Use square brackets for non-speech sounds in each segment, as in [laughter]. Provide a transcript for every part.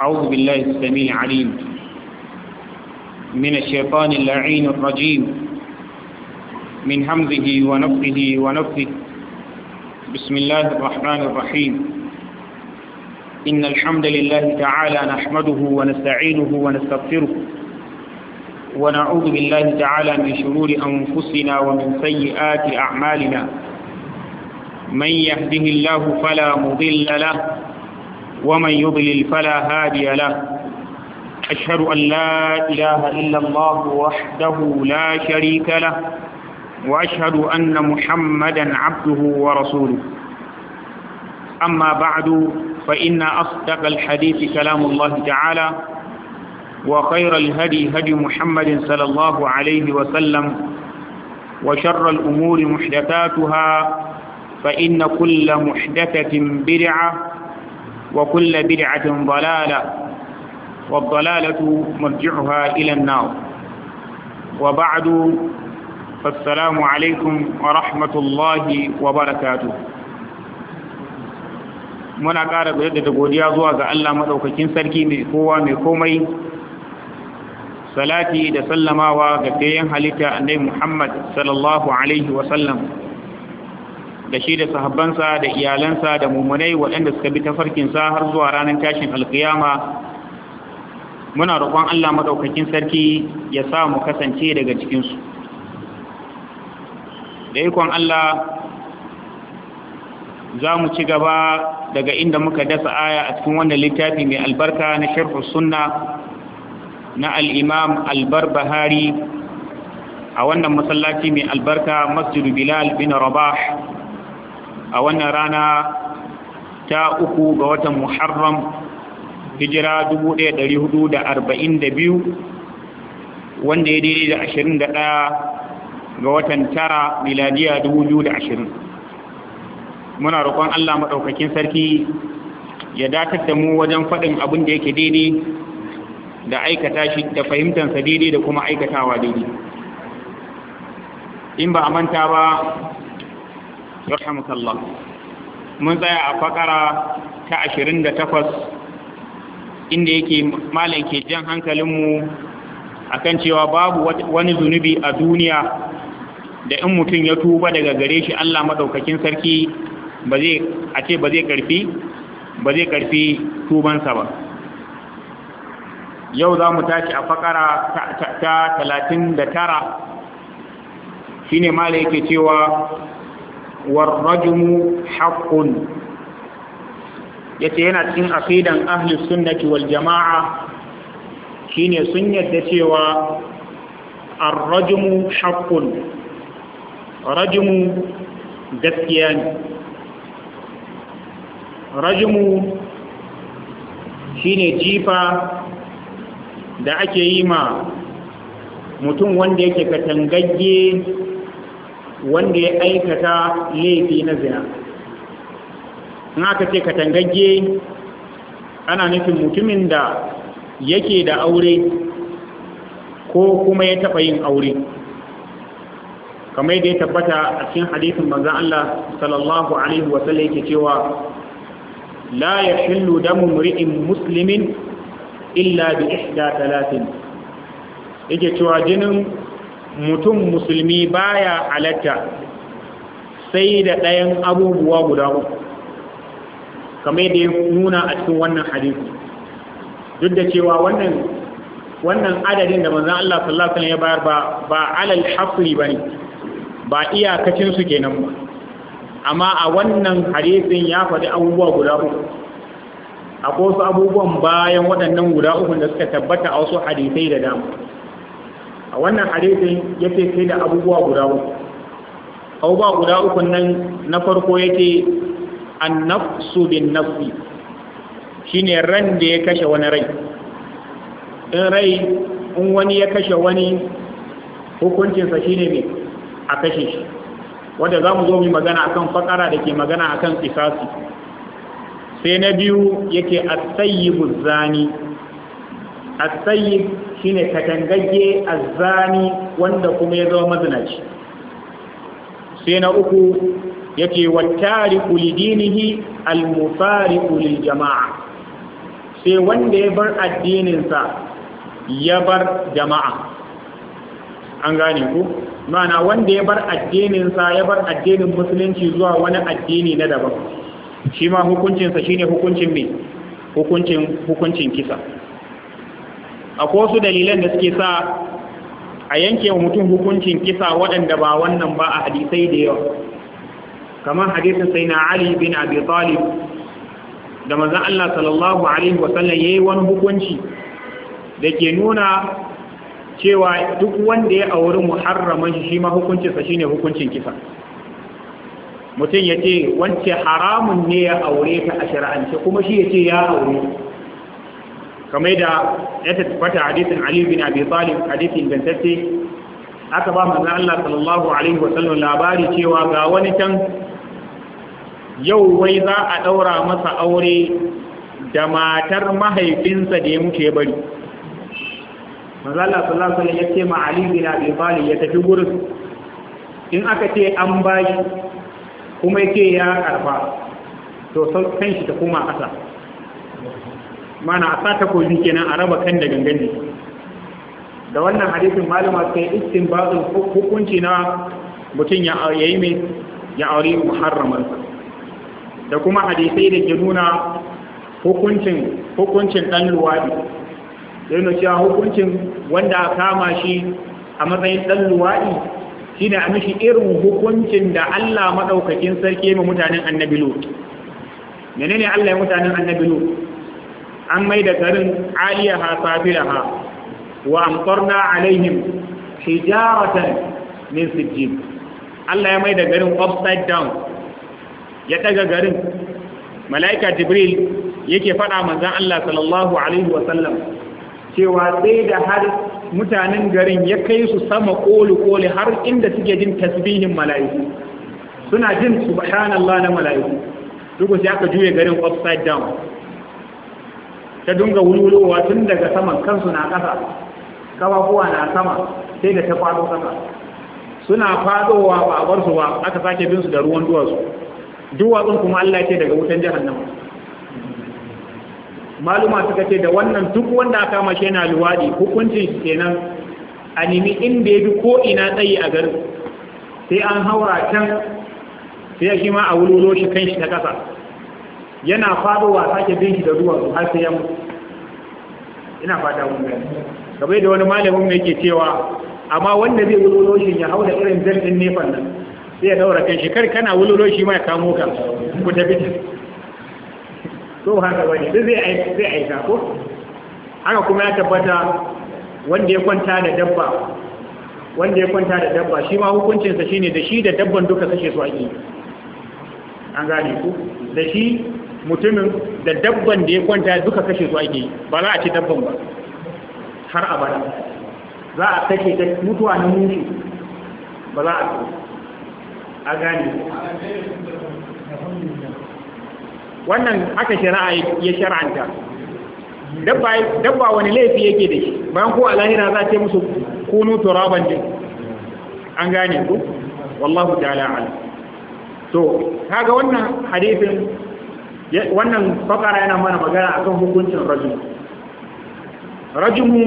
أعوذ بالله السميع العليم من الشيطان اللعين الرجيم من همزه ونفه ونفه بسم الله الرحمن الرحيم إن الحمد لله تعالى نحمده ونستعينه ونستغفره ونعوذ بالله تعالى من شرور أنفسنا ومن سيئات أعمالنا من يهده الله فلا مضل له ومن يضلل فلا هادي له أشهد أن لا إله إلا الله وحده لا شريك له وأشهد أن محمدا عبده ورسوله أما بعد فإن أصدق الحديث كلام الله تعالى وخير الهدي هدي محمد صلى الله عليه وسلم وشر الأمور محدثاتها فإن كل محدثة برعة وكل بدعة ضلالة والضلالة مرجعها إلى النار وبعد فالسلام عليكم ورحمة الله وبركاته muna ƙara da godiya zuwa ga Allah maɗaukakin sarki mai kowa mai komai salati da sallamawa ga tayin halitta annabi Muhammad sallallahu alaihi wasallam da shi da sahabbansa da iyalansa da mummunai waɗanda suka bi tafarkinsa har zuwa ranar tashin alkiyama muna roƙon Allah maɗaukakin sarki ya sa mu kasance daga cikinsu da ikon Allah za mu ci gaba daga inda muka dasa aya a cikin wannan littafi mai albarka na sharhu sunna na al'imam albarbahari a wannan masallaci mai albarka masjidu bilal bin rabah a wannan rana ta uku ga watan muharram hijira 1442 wanda ya daidai da 21 ga watan tara miladiya 2020 muna roƙon Allah maɗaukakin sarki ya datar da mu wajen faɗin abin da yake daidai da aikata shi da fahimtansa daidai da kuma aikatawa daidai in ba a manta ba rahimakallah mun tsaya a fakara ta 28 inda yake malam ke jan hankalinmu akan cewa babu wani zunubi a duniya da in mutum ya tuba daga gare shi Allah madaukakin sarki ba zai a ce ba zai karfi ba zai karfi tubansa ba yau za mu tashi a fakara ta 39 shine mala yake cewa warrajumu haqqun yace yana cikin aqidan ahli sunnati wal jama'a shine sun yadda cewa ArRajmu haqqun Rajmu gaskiya ne rajumu shine jifa da ake yi ma mutum wanda yake katangagge wanda ya aikata laifi na zina in aka ce katangagge ana nufin mutumin da yake da aure ko kuma ya taɓa yin aure kamar da ya tabbata a cikin hadisin manzan Allah sallallahu alaihi wasallam cewa la yahillu damu mri'in Musulmin illa bi ihda talatin yake cewa jinin mutum musulmi baya alatta sai da ɗayan abubuwa guda uku kamar da ya nuna a cikin wannan hadisi duk da cewa wannan wannan adadin da manzon Allah sallallahu alaihi wasallam ya bayar ba ba alal hasri bane ba iyakacin su kenan ba amma a wannan hadisin ya faɗi abubuwa guda uku akwai wasu abubuwan bayan waɗannan guda uku da suka tabbata a wasu hadisai da dama a wannan hadisin yace sai da abubuwa guda uku abubuwa guda uku nan na farko yake annafsu bin nafsi shine ran da ya kashe wani rai in rai in wani ya kashe wani hukuncinsa shine ne a kashe shi wanda za mu zo mu magana akan fakara da ke magana akan kisasi sai na biyu yake tsayi zani as-sayyib shine katangagge a zani wanda kuma ya zama mazinaci sai na uku yake wattariku lidinihi al-mufariqu lil jama'a sai wanda ya bar addininsa ya bar jama'a an gane ku mana wanda ya bar addininsa ya bar addinin musulunci zuwa wani addini na daban shi ma hukuncinsa shine hukuncin me hukuncin hukuncin kisa akwai wasu dalilan da suke sa a yanke wa mutum hukuncin kisa waɗanda ba wannan ba a hadisai da yawa kamar hadisin sai na Ali bin Abi Talib da maza Allah sallallahu alaihi wa sallam yayi wani hukunci da ke nuna cewa duk wanda ya auri muharraman shi ma hukuncinsa shine hukuncin kisa mutum ya ce wance haramun ne ya aure ta a shari'ance kuma shi ya ce ya aure kamar da ya tabbata hadisin Ali bin Abi Talib hadisin gantacce aka ba manzo Allah sallallahu alaihi wa sallam labari cewa ga wani can yau wai za a daura masa aure da matar mahaifinsa da ya mutu ya bari manzo Allah sallallahu alaihi wa sallam ya ce ma Ali bin Abi Talib ya tafi gurin in aka ce an bashi kuma yake ya karfa to sai kanshi ta koma kasa mana a sata kozi kenan a raba kan da gangan da wannan hadisin malama sai istin bazin hukunci na mutum ya yi mai ya aure muharramansa da kuma hadisai da ke nuna hukuncin hukuncin dan luwadi yana cewa hukuncin wanda a kama shi a matsayin dan luwadi shine a mishi irin hukuncin da Allah maɗaukakin sarki mai mutanen annabi Lut menene Allah ya mutanen annabi an mai da garin aliyaha safilaha wa amtarna alaihim hijaratan min sijjid Allah ya mai da garin upside down ya daga garin mala'ika jibril yake faɗa manzan Allah sallallahu alaihi cewa sai da har mutanen garin ya kai su sama koli-koli har inda suke jin tasbihin mala'iku suna jin subhanallah na mala'iku duk sai aka juye garin upside down ta dunga wulwulowa tun daga saman kansu na ƙasa kafafuwa na sama sai da ta faɗo ƙasa suna faɗowa ba a barsu ba aka sake bin su da ruwan duwatsu duwatsun kuma Allah ce daga wutan jihar jahannama maluma suka ce da wannan duk wanda aka kama shi yana hukuncin kenan a nemi inda ya bi ko ina tsayi a garin sai an haura can sai shi ma a wulwulo shi kan shi ta ƙasa yana fadowa sake bin shi da ruwan har sai ya mutu ina fata mun gani kamar da wani malamin mai yake cewa amma wanda zai wulolo shi ya hau da irin zarfin nefan nan sai ya daura kai shi kar kana wulolo shi ma ya kamo ka ku tafi so [laughs] haka bane duk zai zai aika ko haka kuma ya tabbata wanda ya kwanta da dabba wanda ya kwanta da dabba shi ma hukuncinsa shine da shi da dabban duka kashe su a yi an gane ku da shi mutumin da dabban da ya kwanta duka kashe su ake yi ba za a ci dabban ba har abada za a kashe ta mutuwa na mutu ba za a a gane wannan aka shara'a ya shara'anta dabba wani laifi yake da shi bayan ko a lahira za ce musu kunu turaban din an gane ku wallahu ta'ala ala to kaga wannan hadisin wannan fakara yana mana magana akan hukuncin rajin mu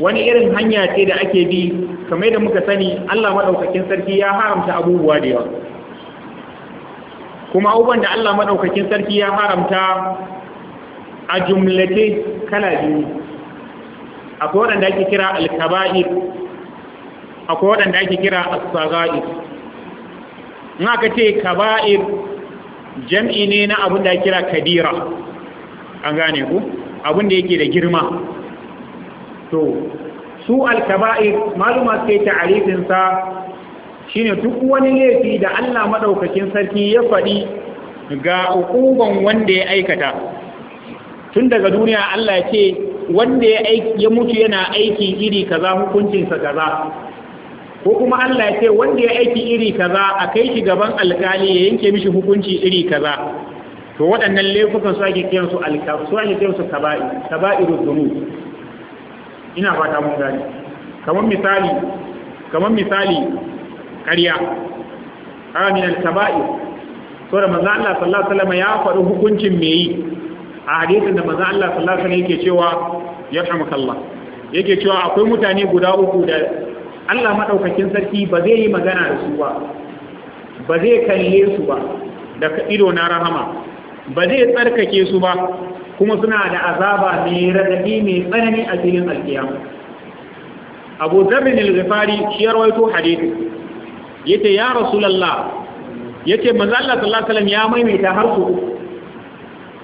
wani irin hanya ce da ake bi kamar da muka sani Allah maɗaukakin sarki ya haramta abubuwa da yawa kuma abubuwan da Allah maɗaukakin sarki ya haramta a jumlace kala biyu akwai waɗanda ake kira alkaba'ir akwai waɗanda ake kira asfaga'ir in aka ce kaba'ir jam'i ne na abin da ya kira kadira an gane ku abin da yake da girma to su al-kaba’i maluma sai ta'arifin sa shine duk wani laifi da Allah madaukakin sarki ya faɗi ga ukuban wanda ya aikata tun daga duniya Allah ya ce wanda ya mutu yana aiki iri kaza hukuncinsa kaza ko kuma Allah ya ce wanda ya aiki iri kaza a kai shi gaban alkali ya yanke mishi hukunci iri kaza to waɗannan laifukan su ake kiransu alkafi su ake kiransu kaba'i kaba'iru dhunub ina fata mun gani kamar misali kamar misali ƙarya ƙara min alkaba'ir so da manzo Allah sallallahu alaihi wasallam ya faɗi hukuncin me yi a hadisin da manzo Allah sallallahu alaihi wasallam yake cewa yarhamukallah yake cewa akwai mutane guda uku da Allah maɗaukakin sarki ba zai yi magana da su ba ba zai kalle su ba da ido na rahama ba zai tsarkake su ba kuma suna da azaba mai raɗaɗi mai tsanani a filin alkiyama abu zarrin al-ghifari shi ya rawaito hadisi yace ya rasulullah yace manzo Allah sallallahu alaihi wasallam ya maimaita har su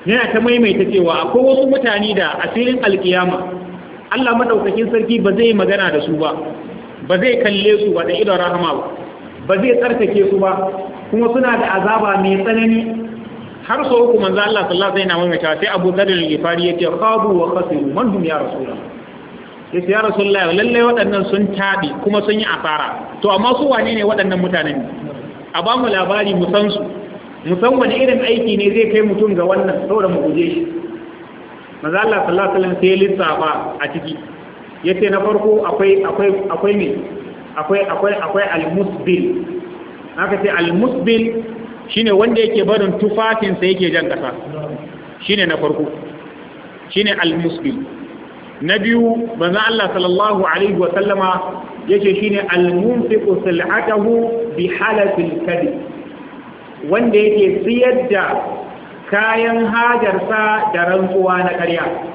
yana ta maimaita cewa akwai wasu mutane da a filin alkiyama Allah maɗaukakin sarki ba zai magana da su ba ba zai kalle su ba da idon rahama ba ba zai tsarkake su ba kuma suna da azaba mai tsanani har sau uku manzo Allah sallallahu alaihi wasallam ya ce sai Abu Dharr al-Ghifari yace qabu wa khasiru man hum ya rasulullah yace ya rasulullah lalle waɗannan sun tabi kuma sun yi asara to amma su wane ne waɗannan mutanen a ba mu labari mu san su musamman irin aiki ne zai kai mutum ga wannan saboda mu guje shi manzo Allah sallallahu alaihi wasallam sai lissafa a ciki Ya ce na farko akwai ne akwai akwai akwai al-musbil haka ce al-musbil ne wanda yake barin tufafinsa sa yake jan ƙasa. Shi ne na farko shi ne al-musbil na biyu manzo Allah sallallahu alaihi wa sallama yace shine al-munfiqu sil'atahu bi halatil kadi. wanda yake siyar da kayan hajarsa da rantsuwa na ƙarya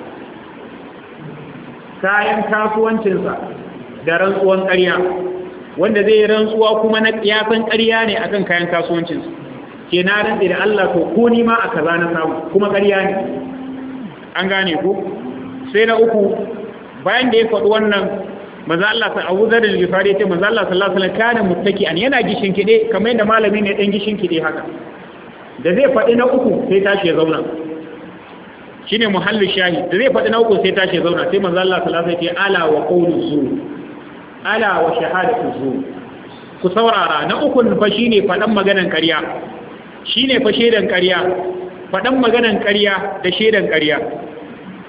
kayan kasuwancinsa da rantsuwan ƙarya wanda zai yi rantsuwa kuma na ƙiyasan ƙarya ne akan kayan kasuwancinsa ke na rantsi da Allah ko ko ni ma a kaza na samu kuma ƙarya ne an gane ku sai na uku bayan da ya faɗi wannan maza Allah ta Abu Zar al-Ghifari ce maza Allah yana gishin kiɗe, kamar yadda malami ne dan gishin kiɗe haka da zai faɗi na uku sai tashi ya zauna shine muhallu shahi da zai faɗi na uku sai tashi zauna sai manzo Allah sallallahu alaihi wasallam ya ce ala wa qawlu zu ala wa shahadatu zu ku saurara na ukun fa shine faɗan maganan ƙarya shine fa shedan ƙarya faɗan maganan ƙarya da shedan ƙarya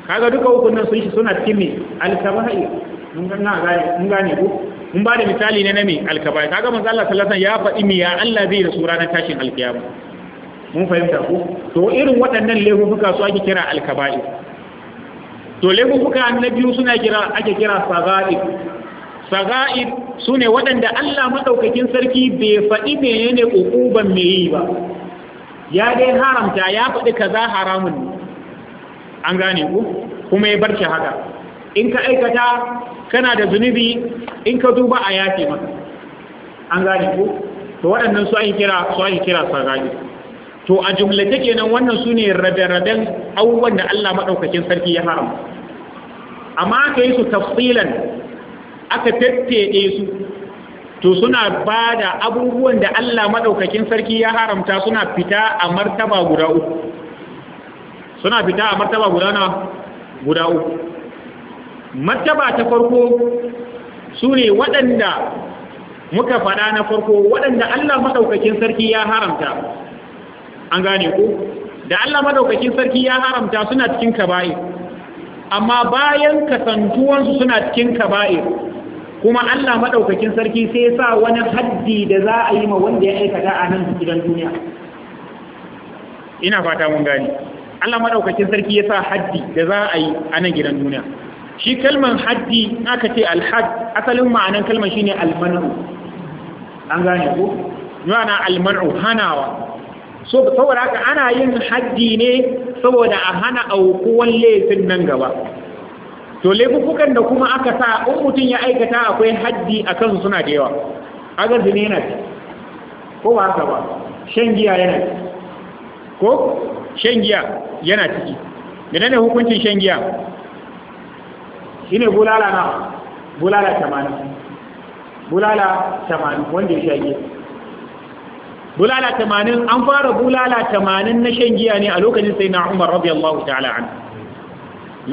kaga duka ukun nan sun shi suna cikin me al-kaba'i mun ga na gane mun gane ku mun ba da misali ne na me al-kaba'i kaga manzo Allah sallallahu alaihi wasallam ya faɗi me ya Allah zai rasu ranar tashin alkiyama mun fahimta ku to irin waɗannan laifuka su ake kira alkaba'i to laifuka na biyu suna kira ake kira saga'i saga'i sune waɗanda Allah maɗaukakin sarki bai faɗi menene ƙuƙuban mai yi ba ya dai haramta ya faɗi kaza haramun an gane ku kuma ya barci haka in ka aikata kana da zunubi in ka duba a yafe maka an gane ku to waɗannan su ake kira su ake kira saga'i to a jumlata kenan wannan su ne rabe-raben abubuwan da Allah maɗaukakin sarki ya haram amma aka yi su tafsilan aka tattaɗe su to suna ba da abubuwan da Allah maɗaukakin sarki ya haramta suna fita a martaba guda uku suna fita a martaba guda na guda uku martaba ta farko su ne waɗanda muka faɗa na farko waɗanda Allah maɗaukakin sarki ya haramta an gane ku. da Allah madaukakin sarki ya haramta suna cikin kaba'ir amma bayan kasantuwansu suna cikin kaba'ir kuma Allah madaukakin sarki sai sa wani haddi da za a yi ma wanda ya aikata a nan gidan duniya ina fata mun gane Allah madaukakin sarki ya sa haddi da za a yi a nan gidan duniya shi kalmar haddi aka ce alhad asalin ma'anan kalman shine almanu an gane ko yana almanu hanawa so saboda haka ana yin haddi ne saboda a hana aukuwan laifin nan gaba to laifukan da kuma aka sa in mutum ya aikata akwai haddi a suna da yawa aga zine yana ci ko ba haka ba shan giya yana ci ko shan giya yana ciki idan ne hukuncin shan giya shine bulala na bulala 80 bulala 80 wanda ya sha bulala tamanin an fara bulala tamanin na shan giya ne a lokacin sai na umar radiyallahu ta'ala an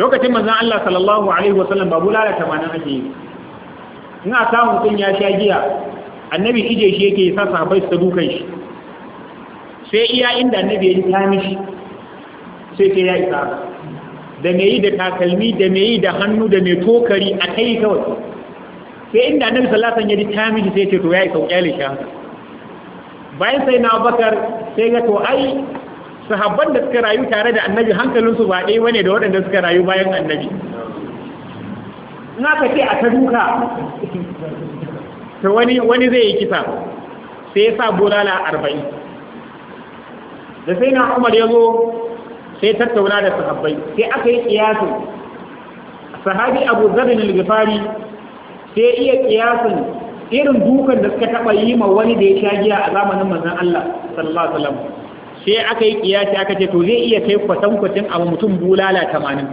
lokacin manzan Allah sallallahu alaihi wasallam ba bulala tamanin ake yi in a samu mutum ya sha giya annabi ije shi yake sa sahabbai su dukan shi sai iya inda annabi ya ta mishi sai sai ya isa da me yi da takalmi da me yi da hannu da mai tokari a kai kawai sai inda annabi sallallahu alaihi wasallam ya ji ta mishi sai ce to ya isa kyale shi haka bayan sai na bakar sai ga to ai sahabban da suka rayu tare da annabi hankalinsu ba ɗaya wane da waɗanda suka rayu bayan annabi na kace a ta duka to wani wani zai yi kisa sai ya sa bulala arba'in da sai na umar ya zo sai tattauna da sahabbai sai aka yi kiyasu sahabi abu zarin al-gifari sai iya kiyasin irin dukan da suka taɓa yi ma wani da ya sha giya a zamanin manzon Allah sallallahu alaihi wasallam sai aka yi kiyasi aka ce to zai iya kai kwatin a mutum bulala tamanin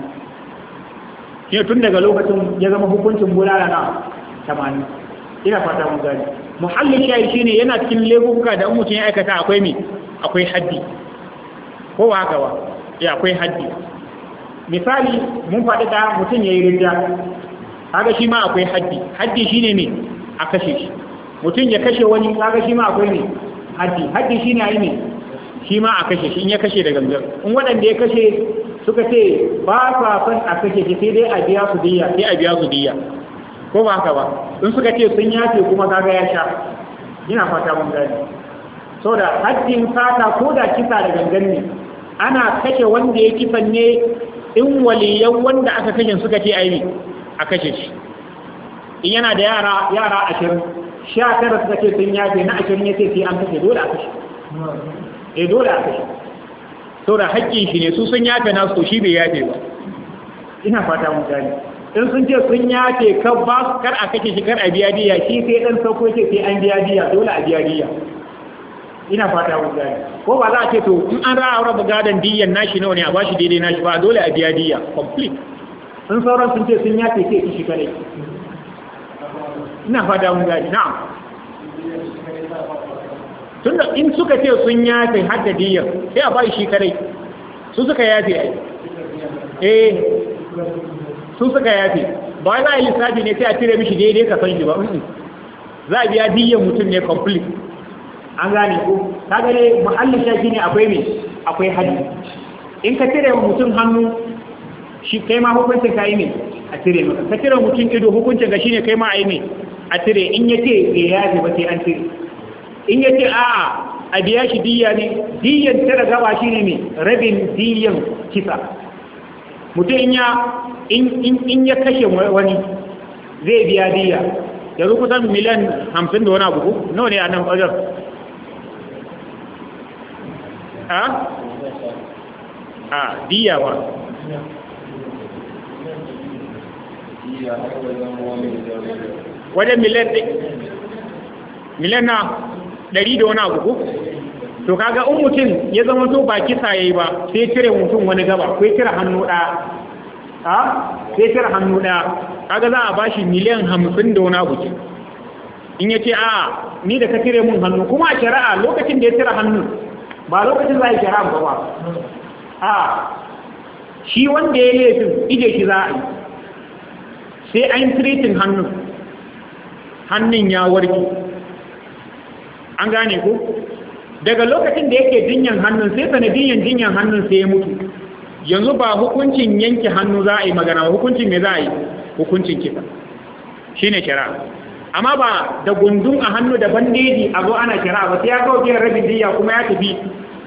shi tun daga lokacin ya zama hukuncin bulala na tamanin ina fata mun gani muhallin shayi shine yana cikin laifuka da mutum ya aikata akwai me akwai haddi ko haka ba ya eh, akwai haddi misali mun faɗi da mutum ya yi rinja haka shi ma akwai haddi haddi shine me a kashe shi mutum ya kashe wani kaga shi ma akwai ne haddi haddi shi ne ne shi ma a kashe shi in ya kashe da gangar. in waɗanda ya kashe suka ce ba sa son a kashe shi sai dai a biya su diya sai a biya su diya ko ba haka ba in suka ce sun yace kuma kaga ya sha ina fata mun gani saboda haddin fata ko da kisa da gangan ne ana kashe wanda ya kisan ne in waliyan wanda aka kashe suka ce aini a kashe shi in yana da yara yara ashirin sha tara suka ce sun yafe na ashirin ya ce sai an kashe dole a kashe eh dole a kashe saboda haƙƙin shi ne su sun yafe nasu to shi bai yafe ba ina fata mun gani in sun ce sun yafe ka ba kar a kashe shi kar a biya diya shi sai dan sauko ce sai an biya diya dole a biya diya ina fata mun gani ko ba za a ce to in an ra'a rabu gadan diyan nashi nawa ne a bashi daidai nashi ba dole a biya diya complete sun sauran sun ce sun yafe sai shi kare ina fada mun gani na'am tunda in suka ce sun yafe hadda diyar sai a bai shi kare su suka yafe eh su suka yafe ba za a yi lissafi ne sai a cire mishi daidai ka san shi ba za a biya diyar mutum ne complete an gane ko ta gane muhallin shafi ne akwai mai akwai haddi in ka cire mutum hannu shi kai ma hukuncin ka yi ne a cire maka ka cire mutum ido hukuncin ga shi ne kai ma a yi ne a cire in ya ce bai yafe ba sai an cire in ya ce a'a a biya shi diya ne diyan tara gaba shi ne rabin diyan kisa mutum in ya kashe wani zai biya diya yanzu kusan miliyan hamsin da wani abubu nawa ne a nan ƙwajar a? a diya ba do. wajen miliyan na ɗari da wani abu to kaga in mutum ya zama so ba kisa ya yi ba sai cire mutum wani gaba ko ya cire hannu ɗaya a sai cire hannu ɗaya kaga za a ba shi miliyan hamsin da wani abu in ya ce a ni da ka cire mun hannu kuma a shari'a lokacin da ya cire hannu ba lokacin za a yi shari'a ba ba a shi wanda ya laifin ije shi za a yi sai an treating hannun hannun ya warke an gane ko daga lokacin da yake jinyan hannun sai sanadiyan jinyan hannun sai ya mutu yanzu ba hukuncin yanke hannu za a yi magana ba hukuncin me za a yi hukuncin kisa shine shari'a amma ba da gundun a hannu da bandeji a zo ana shari'a ba sai ya kawo kiyar rabin diya kuma ya tafi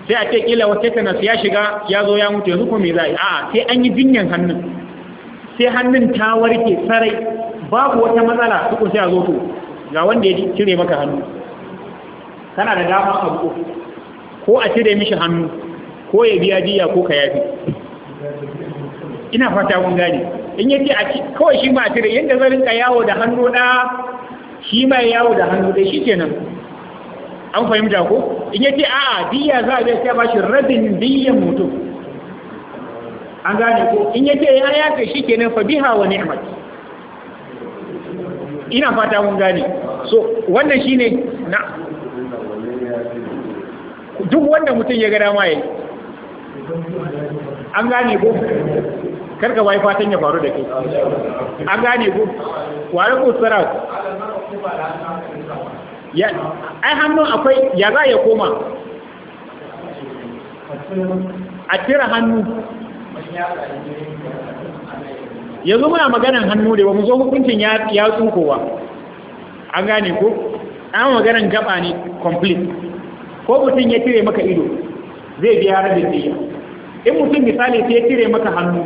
sai a ce kila wata tanas ya shiga ya zo ya mutu yanzu kuma me za a yi a'a sai an yi jinyan hannun sai hannun ta warke sarai babu wata matsala tukun sai a zo ku ga wanda ya cire maka hannu kana da dama abu ko a cire mishi hannu ko ya biya jiya ko ka yafi ina fata kun gane in yace a kawai shi ba a cire yanda zan rinka yawo da hannu da shi mai yawo da hannu dai shikenan an fahimta ko in yace a'a jiya za a sai ba shi rabin diyan mutum an gane ko in yace ya yafe shikenan fa biha wa ni'mat ina fata mun gane so wannan shine na duk wanda mutum ya ga dama yayi an gane ko karka wai fatan ya faru da ke an gane ko wani ko sarat ya ai hannun akwai ya za ya koma a tira hannu yanzu muna maganan hannu da ba mu zo hukuncin ya tsukowa an gane ko an maganan gaba ne complete ko mutum ya cire maka ido zai biya rabin iya, in mutum misali sai ya cire maka hannu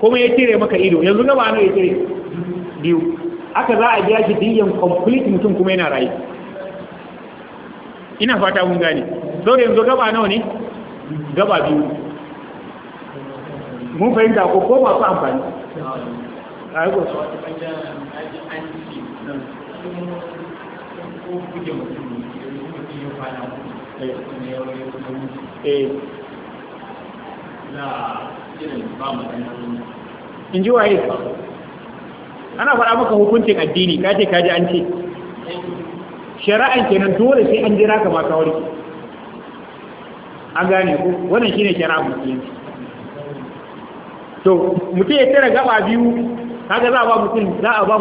kuma ya cire maka ido yanzu gaba ne ya cire biyu aka za a biya shi diyan complete mutum kuma yana rayu ina fata mun gane saboda yanzu gaba nawa ne gaba biyu mun fahimta ko ko su amfani a yi gosu in ji waye ana faɗa maka hukuncin addini kaje kaje an ce shari'an kenan dole sai an jira ka ba ka warke an gane ku wannan shine shari'a musulunci to mutum ya tara gaba biyu kaga za a ba mutum za a ba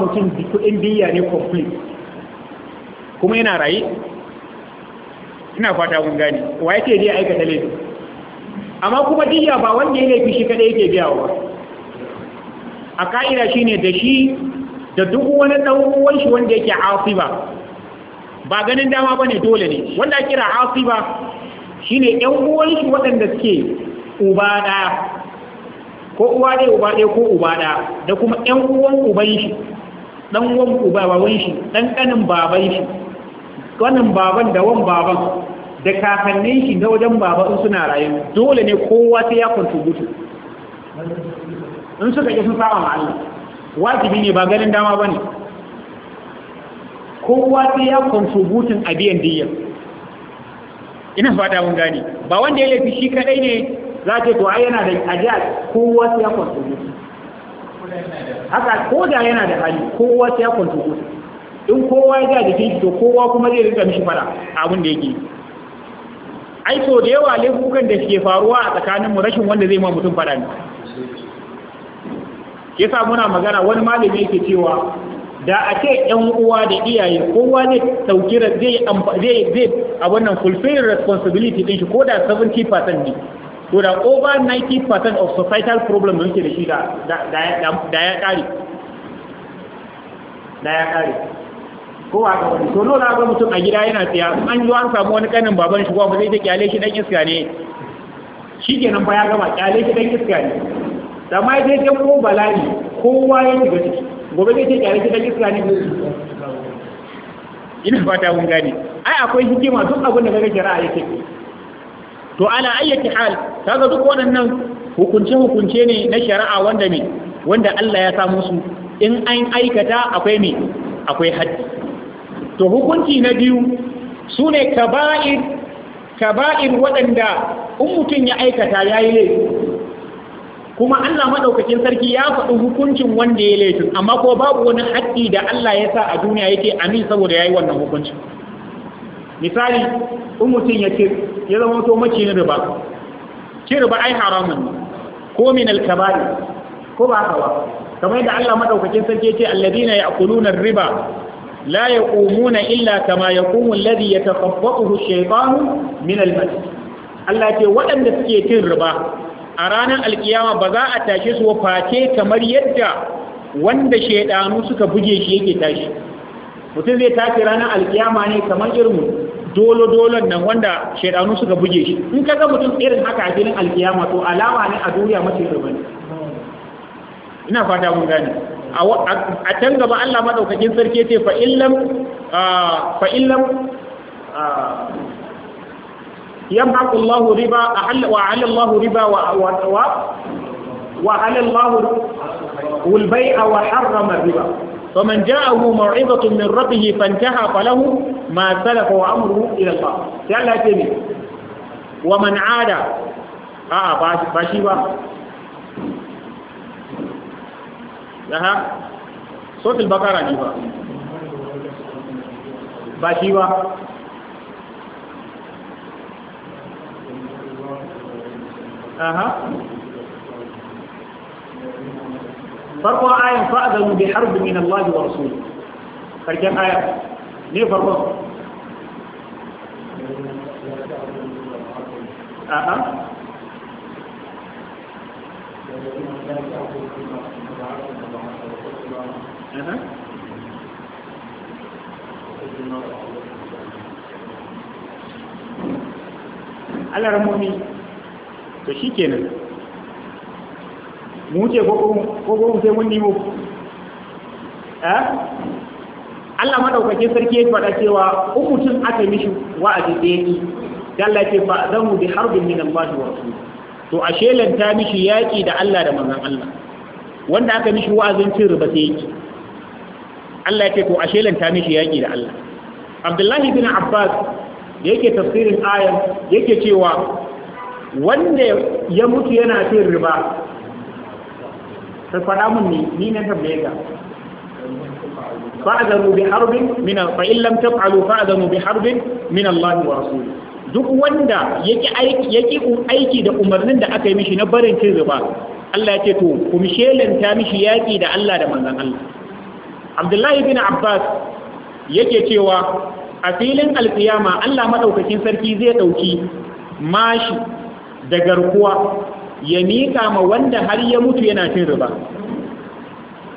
biya ne complete kuma yana raye ina fata kun gane wa yake je aikata laifi amma kuma diyya ba wanda ya laifi shi kada yake biya ba a ka'ida shine da shi da duk wani dan uwan shi wanda yake asiba ba ganin dama bane dole ne wanda kira asiba shine yan uwan shi waɗanda suke uba ɗaya ko uwa ɗaya uba ɗaya ko uba ɗaya da kuma ƴan uwan uban shi ɗan uwan uba baban shi ɗan ƙanin baban shi ƙanin baban da wan baban da kakannin shi na wajen baba in suna rayu dole ne kowa sai ya contribute in suka ƙi sun saba ma Allah wajibi ne ba ganin dama ba ne kowa sai ya contributin a biyan diyyar ina fata mun gane ba wanda ya laifi shi kadai ne za ce to ai yana da ajiya kowa ya shi. haka ko da yana da hali kowa ya shi, in kowa ya ga jikin shi to kowa kuma zai rinka mishi fara abin da yake ai so da yawa laifukan da suke faruwa a tsakaninmu rashin wanda zai ma mutum fara ne yasa muna magana wani malami yake cewa da a ce ƴan uwa da iyaye kowa zai sauki zai zai a wannan fulfilling responsibility din shi ko da 70% ne to da over 90% of societal problems da muke da shi da ya kare da ya kare kowa ga wani to na ga mutum a gida yana tsaya an yi an samu wani kanin baban shi kuma zai ta kyale shi dan iska ne shi ke nan ba ya gama kyale shi dan iska ne da ma zai ta ko bala'i kowa ya shiga ciki gobe zai ta kyale shi dan iska ne ina fata mun gane ai akwai hikima duk abin da kaga a yake to ala ayyati hal kaga duk waɗannan hukunce hukunce ne na shari'a wanda me wanda Allah ya samu su in an aikata akwai me akwai haddi to hukunci na biyu sune kaba'ir kaba'ir waɗanda in mutum ya aikata yayi laifi kuma Allah madaukakin sarki ya faɗi hukuncin wanda ya laifin amma ko babu wani haddi da Allah ya sa a duniya yake amin saboda yayi wannan hukuncin misali in mutum ya ce ya zama to makin riba cin riba ai haramun ne ko min alkabari ko ba haka ba kamar yadda Allah madaukakin sarki ya ce alladina ya'kuluna riba la yaqumuna illa kama yaqumu alladhi yatakhabbathu ash-shaytanu min al-mas Allah ce waɗanda suke cin riba a ranar alkiyama ba za a tashe su face kamar yadda wanda shaidanu suka buge shi yake tashi mutum zai tashi ranar alkiyama ne kamar irin dolo-dolon nan wanda shaidanu suka buge shi in ka ga mutum irin haka a filin alkiyama to alama ne a duniya mace rubani ina fata mun gane a can gaba Allah madaukakin sarki ce fa illam fa illam yamhaqu Allahu riba ahalla wa ahalla Allahu riba wa wa wa ahalla Allahu al-bay'a wa harrama riba فمن جاءه موعظة من ربه فانتهى فله ما سلف وأمره إلى الله تعالى تبي ومن عاد آه باشي باشي با لها صوت البقرة جيبا باشي با أها farkon ayan fa'adalu bi harbi min Allah wa rasuli karken ayan ne farkon a'a alarmomi to shi kenan mu ce ko sai mun nemo eh Allah madaukakin sarki ya faɗa cewa uku tun aka mishi wa'azi da yake dalla ce ba fa zamu bi harbin min Allah wa rasul to a ta mishi yaki da Allah da manzon Allah wanda aka mishi wa'azin cin riba sai yake Allah ya ce to a ta mishi yaki da Allah Abdullahi bin Abbas da yake tafsirin ayan yake cewa wanda ya mutu yana cin riba ta faɗa mun ne ni na tambaye ga fa'adhanu bi harbin min fa in lam taf'alu fa'adhanu bi harbin min Allah wa rasuli duk wanda yake aiki yake aiki da umarnin da aka yi mishi na barin cin riba Allah ya ce to ku mishelanta mishi yaki da Allah da manzon Allah Abdullahi bin Abbas yake cewa a filin alkiyama Allah madaukakin sarki zai dauki mashi da garkuwa ya miƙa ma wanda har ya mutu yana cin riba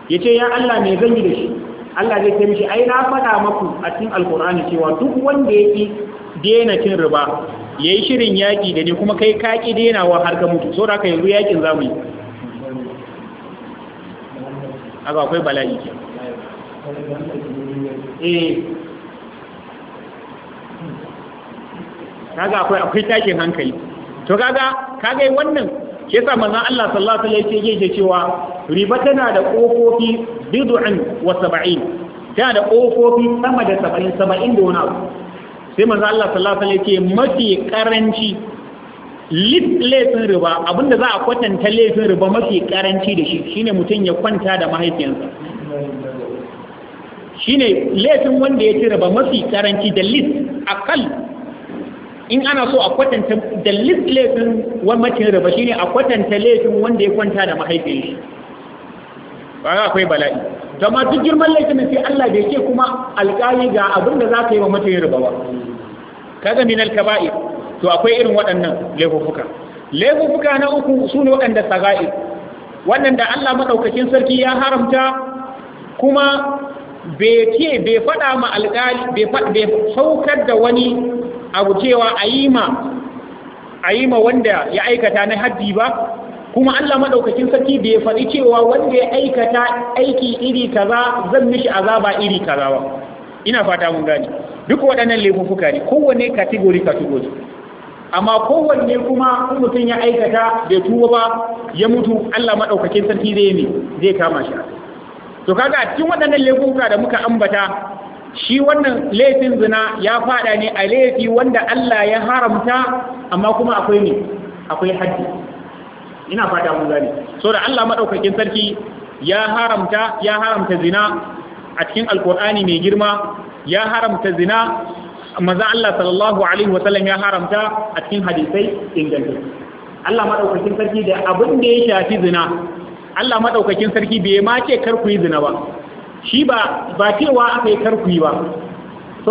ya ce ya Allah mai zan yi da shi Allah zai taimishi ai na faɗa maku a cikin alkur'ani cewa duk wanda ya ƙi daina cin riba ya yi shirin yaƙi da ni kuma kai ka ƙi wa har ka mutu saboda haka yanzu yaƙin mu yi haka akwai bala'i ke eh kaga akwai akwai takin hankali to kaga kaga wannan shi yasa manzon Allah sallallahu alaihi wasallam yake cewa riba tana da kofofi bid'un wa 70 tana da kofofi sama da 70 70 da wani abu sai manzon Allah sallallahu alaihi wasallam yake mafi karanci laifin riba abinda za a kwatanta lesin riba mafi karanci da shi shine mutum ya kwanta da mahaifiyarsa shine lesin wanda ya ci riba mafi karanci da list akal in ana so a kwatanta da laifin wamacin riba ne a kwatanta laifin wanda ya kwanta da mahaifin shi ba akwai bala'i zama duk girman laifin sai Allah da yake kuma alƙali ga abin da za ka yi wa mace riba ba kaga min alkaba'i to akwai irin waɗannan laifuka laifuka na uku su ne waɗanda saga'i waɗanda Allah maɗaukacin sarki ya haramta kuma bai ce bai faɗa ma alƙali bai saukar da wani abu cewa a yi ma wanda ya aikata na haddi ba kuma Allah madaukakin sarki bai faɗi cewa wanda ya aikata aiki iri kaza zan mishi azaba iri kaza ba ina fata mun gani duk waɗannan laifuffuka ne kowanne kategori kategori amma kowanne kuma in mutum ya aikata bai tuba ba ya mutu Allah madaukakin sarki zai ne zai kama shi to kaga cikin waɗannan laifuka da muka ambata shi wannan laifin zina ya fada ne a laifi wanda Allah ya haramta amma kuma akwai ne akwai haddi ina fata mun gane so da Allah madaukakin sarki ya haramta ya haramta zina a cikin alkur'ani mai girma ya haramta zina manzo Allah sallallahu alaihi wasallam ya haramta a cikin hadisai inganta Allah madaukakin sarki da abin da ya shafi zina Allah madaukakin sarki bai ma ce kar ku yi zina ba shi ba ba cewa aka yi karku yi ba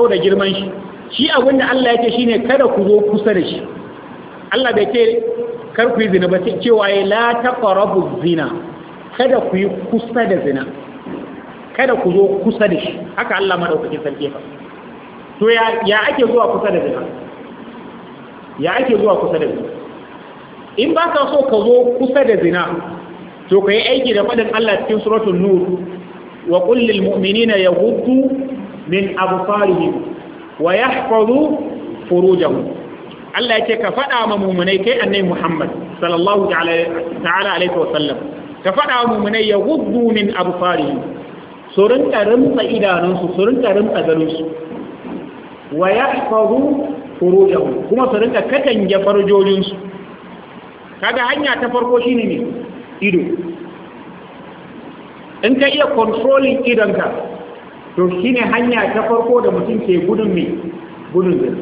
da girman shi shi abin da Allah ya ce ne kada ku zo kusa da shi Allah bai ce karku yi zina ba cewa ya la rabu zina kada ku yi kusa da zina kada ku zo kusa da shi haka Allah madaukakin sarki ba to ya ake zuwa kusa da zina ya ake zuwa kusa da zina in ba ka so ka zo kusa da zina to ka yi aiki da faɗin Allah cikin suratul nur wa kullil mu'minina yaghuddu min absarihim wa yahfazu furujahum Allah yake ka faɗa ma mu'minai kai annabi Muhammad sallallahu ta'ala alaihi wa sallam ka faɗa wa mu'minai yaghuddu min absarihim su rinka rinsa idanunsu su rinka ganinsu wa kuma su farjojinsu kaga hanya ta farko shine ne ido in ka iya controlling idonka to shine hanya ta farko da mutum ke gudun mai gudun zai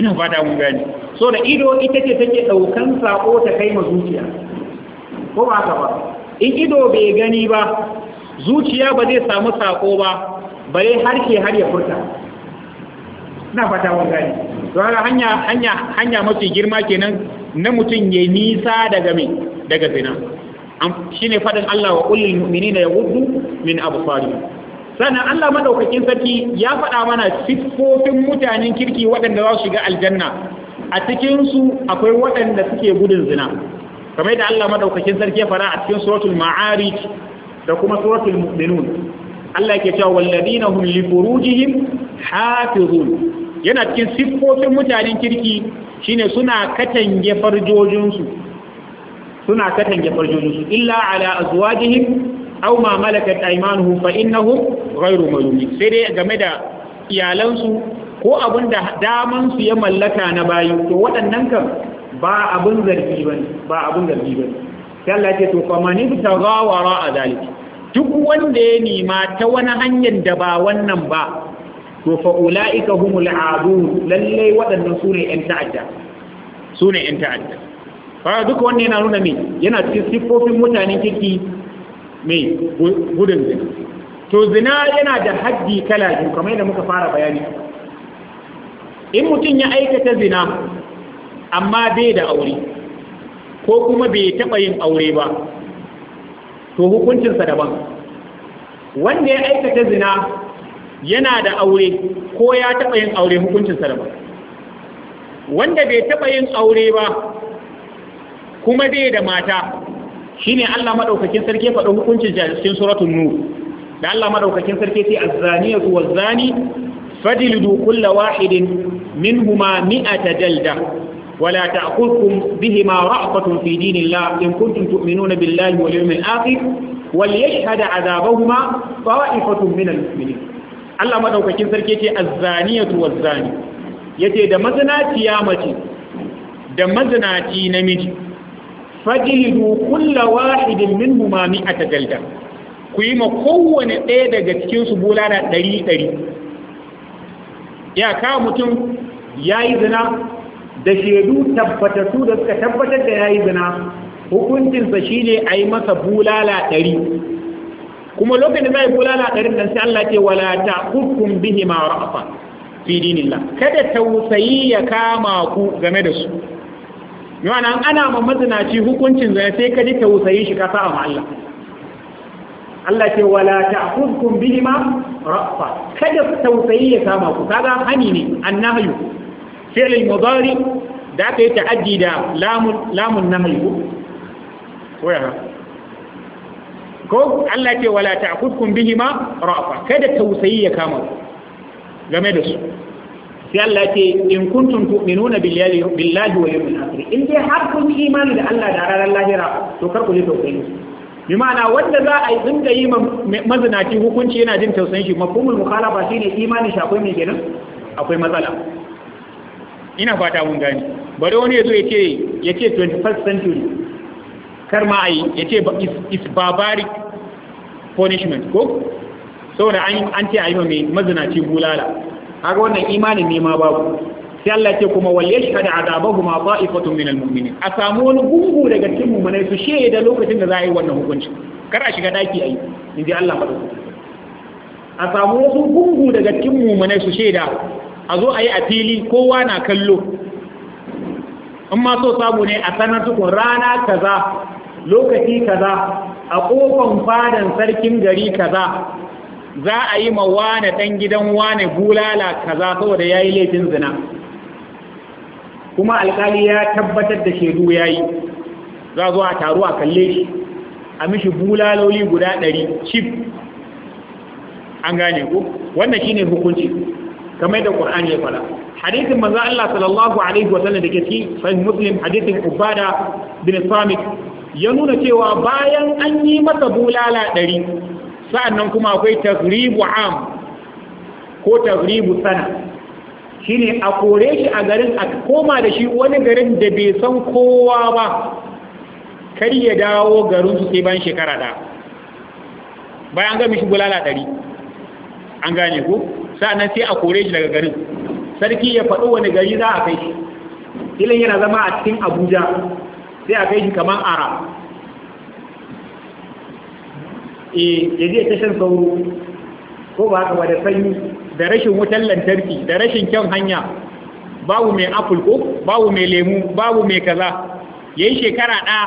ina fata mun gani so da ido ita ce take daukan sako ta kai ma zuciya ko ba haka ba in ido bai gani ba zuciya ba zai samu sako ba bare har ke har ya furta ina fata mun gani to hanya hanya hanya mafi girma kenan na mutum ya nisa daga mai daga zina ne faɗin Allah wa kullil mu'minina yaghuddu min absarihim sannan Allah madaukakin sarki ya faɗa mana siffofin mutanen kirki waɗanda za su shiga aljanna a cikinsu akwai waɗanda suke gudun zina kamar yadda Allah madaukakin sarki ya faɗa a cikin suratul ma'arij da kuma suratul mu'minun Allah ke cewa walladina hum li furujihim hafizun yana cikin siffofin mutanen kirki shine suna katange farjojinsu suna katan katange farjojinsu illa ala azwajihim aw ma malakat aymanuhum fa innahum ghayru malumin sai dai game da iyalansu ko abin da daman su ya mallaka na bayu. to waɗannan kan ba abin zargi bane ba abin zargi bane sai Allah ya ce to fa man ibtagha a zalika duk wanda ya nima ta wani hanyar da ba wannan ba to fa ulaika humul aadun lalle waɗannan sune ƴan ta'adda sune ƴan ta'adda fara duka wannan yana nuna ne yana cikin siffofin mutanen kirki mai gudun zina to zina yana da haddi kala biyu kamar yadda muka fara bayani in mutum ya aikata zina amma bai da aure ko kuma bai taɓa yin aure ba to hukuncinsa daban wanda ya aikata zina yana da aure ko ya taɓa yin aure hukuncinsa daban wanda bai taɓa yin aure ba kuma dai da mata shine Allah madaukakin sarki faɗa hukuncin cikin suratul nur da Allah madaukakin sarki sai az-zaniyatu waz-zani fajlidu kull wahidin minhuma mi'ata jalda ولا تأخذكم بهما رأفة في دين الله إن كنتم تؤمنون بالله واليوم الآخر وليشهد عذابهما طائفة من المؤمنين Allah madaukakin sarki yace azzaniyatu wazzani yace da mazinaciya mace da mazinaci namiji fajlidu kulla wahidin min huma mi'ata jalda ku yi ma kowane ɗaya daga cikin su bulala ɗari ɗari ya ka mutum ya yi zina da shaidu tabbatattu da suka tabbatar da ya yi zina hukuncinsa shi ne a yi masa bulala ɗari kuma lokacin da yi bulala ɗari nan sai Allah ce wala ta hukum bihi ma ra'afa fi dinillah kada tausayi ya kama ku game da su yana ana ma mazinaci hukuncin zai sai ka ji tausayi shi kasa a Allah Allah ce wala bihi ma rafa kada ku tausayi ya sama ku kaga hani ne annahyu fi'l mudari da kai ta'addi da lamun lamun nahyi ko ya ko Allah ce wala bihi ma rafa kada tausayi ya kama game da su sai Allah ce in kuntum tu'minuna billahi wal yawmil akhir in dai har kun imani da Allah da ranar lahira to kar ku ji tausayin bi ma'ana wanda za a yi dinga yi mazinaci hukunci yana jin tausayin shi mafhumul mukhalafa shine imani shi akwai mai kenan akwai matsala ina fata mun gani bari wani yazo yace yace 21st century kar ma ai yace is barbaric punishment ko saboda an ce a yi mai mazinaci bulala kaga wannan imanin nema ma babu sai Allah ce kuma wal yashhadu adabahuma ta'ifatun minal mu'minin a samu wani gungu daga cikin mu'minai su shaida lokacin da za a yi wannan hukunci kar a shiga daki ayi inji Allah madaukaki a samu wasu gungu daga cikin mu'minai su shaida a zo a yi a fili kowa na kallo in ma so samu ne a sanar tukun rana kaza lokaci kaza a kofan fadan sarkin gari kaza za a yi mawane ɗan gidan wane bulala kaza saboda ya yi laifin zina kuma alƙali ya tabbatar da shaidu ya yi za zuwa taru a kalle shi a mishi bulaloli guda ɗari cif an gane ku wannan shine hukunci kamar da Qur'ani ya fara Hadithin manzo Allah sallallahu alaihi wa sallam ke cikin sai Muslim hadithin Ubada bin Samit ya nuna cewa bayan an yi masa bulala ɗari sa'annan kuma akwai tagribu am ko tagribu sana shine a kore shi a garin a koma da shi wani garin da bai san kowa ba kar ya dawo garin su sai ban shekara da bayan gami shi bulala ɗari an gane ku sa'annan sai a kore shi daga garin sarki ya faɗo wani gari za a kai shi ilin yana zama a cikin abuja sai a kai shi kamar arab eh ya je ta shan sauro ko ba haka ba da sanyi da rashin wutan lantarki da rashin kyan hanya babu mai apple ko babu mai lemu babu mai kaza yayi shekara ɗa